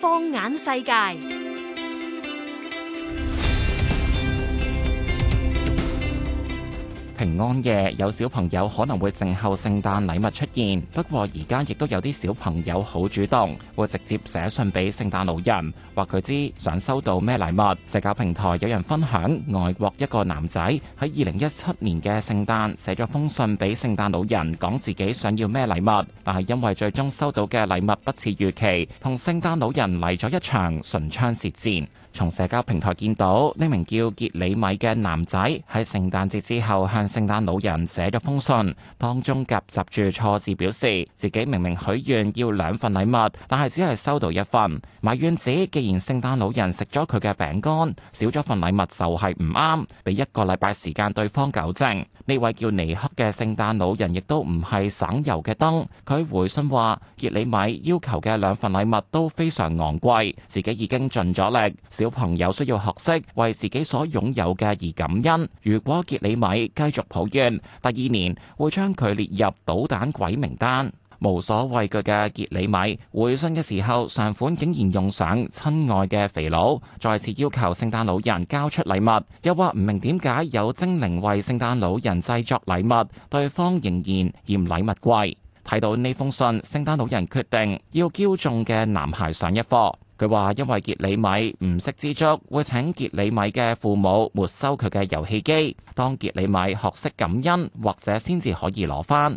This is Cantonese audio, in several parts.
放眼世界。平安夜有小朋友可能會靜候聖誕禮物出現，不過而家亦都有啲小朋友好主動，會直接寫信俾聖誕老人，話佢知想收到咩禮物。社交平台有人分享，外國一個男仔喺二零一七年嘅聖誕寫咗封信俾聖誕老人，講自己想要咩禮物，但係因為最終收到嘅禮物不似預期，同聖誕老人嚟咗一場唇槍舌戰。從社交平台見到呢名叫傑里米嘅男仔喺聖誕節之後向聖誕老人寫咗封信，當中夾雜住錯字，表示自己明明許願要兩份禮物，但係只係收到一份。埋怨指既然聖誕老人食咗佢嘅餅乾，少咗份禮物就係唔啱，俾一個禮拜時間對方糾正。呢位叫尼克嘅聖誕老人亦都唔係省油嘅燈，佢回信話杰里米要求嘅兩份禮物都非常昂貴，自己已經盡咗力。小朋友需要學識為自己所擁有嘅而感恩。如果傑里米繼續，抱怨，第二年會將佢列入搗蛋鬼名單。無所畏懼嘅傑里米回信嘅時候，上款竟然用上親愛嘅肥佬，再次要求聖誕老人交出禮物，又話唔明點解有精靈為聖誕老人製作禮物，對方仍然嫌禮物貴。睇到呢封信，聖誕老人決定要驕縱嘅男孩上一課。佢話：因為傑里米唔識知足，會請傑里米嘅父母沒收佢嘅遊戲機，當傑里米學識感恩，或者先至可以攞返。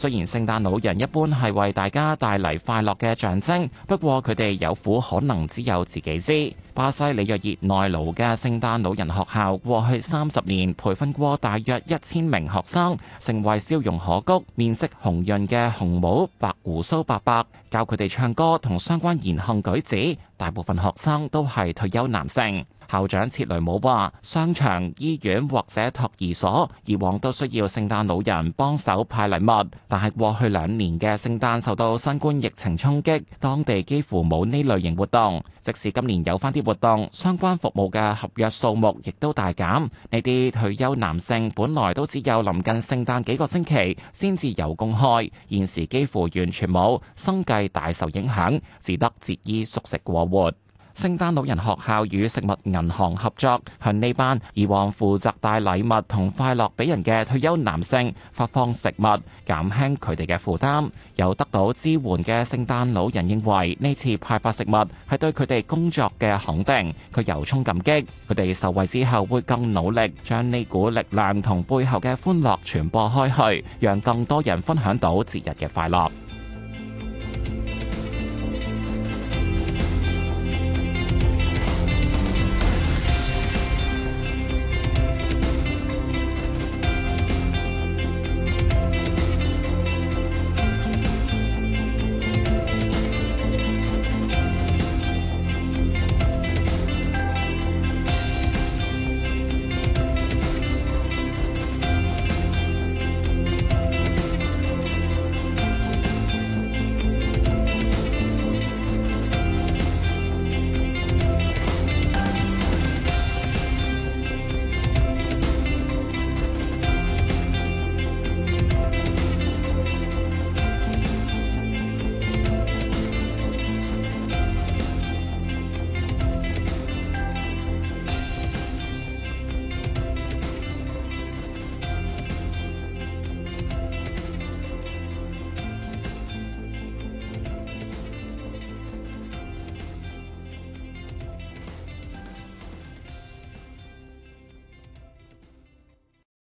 雖然聖誕老人一般係為大家帶嚟快樂嘅象徵，不過佢哋有苦可能只有自己知。巴西里約熱內盧嘅聖誕老人學校過去三十年培訓過大約一千名學生，成為笑容可掬，面色紅潤嘅紅帽、白鬍鬚伯伯，教佢哋唱歌同相關言行舉止，大部分學生都係退休男性。校長切雷姆話，商場、醫院或者托兒所以往都需要聖誕老人幫手派禮物，但係過去兩年嘅聖誕受到新冠疫情衝擊，當地幾乎冇呢類型活動。即使今年有翻啲活動，相關服務嘅合約數目亦都大減。呢啲退休男性本來都只有臨近聖誕幾個星期先至有工開，現時幾乎完全冇，生計大受影響，只得節衣縮食過活。聖誕老人學校與食物銀行合作，向呢班以往負責帶禮物同快樂俾人嘅退休男性發放食物，減輕佢哋嘅負擔。有得到支援嘅聖誕老人認為，呢次派發食物係對佢哋工作嘅肯定。佢由衷感激，佢哋受惠之後會更努力，將呢股力量同背後嘅歡樂傳播開去，讓更多人分享到節日嘅快樂。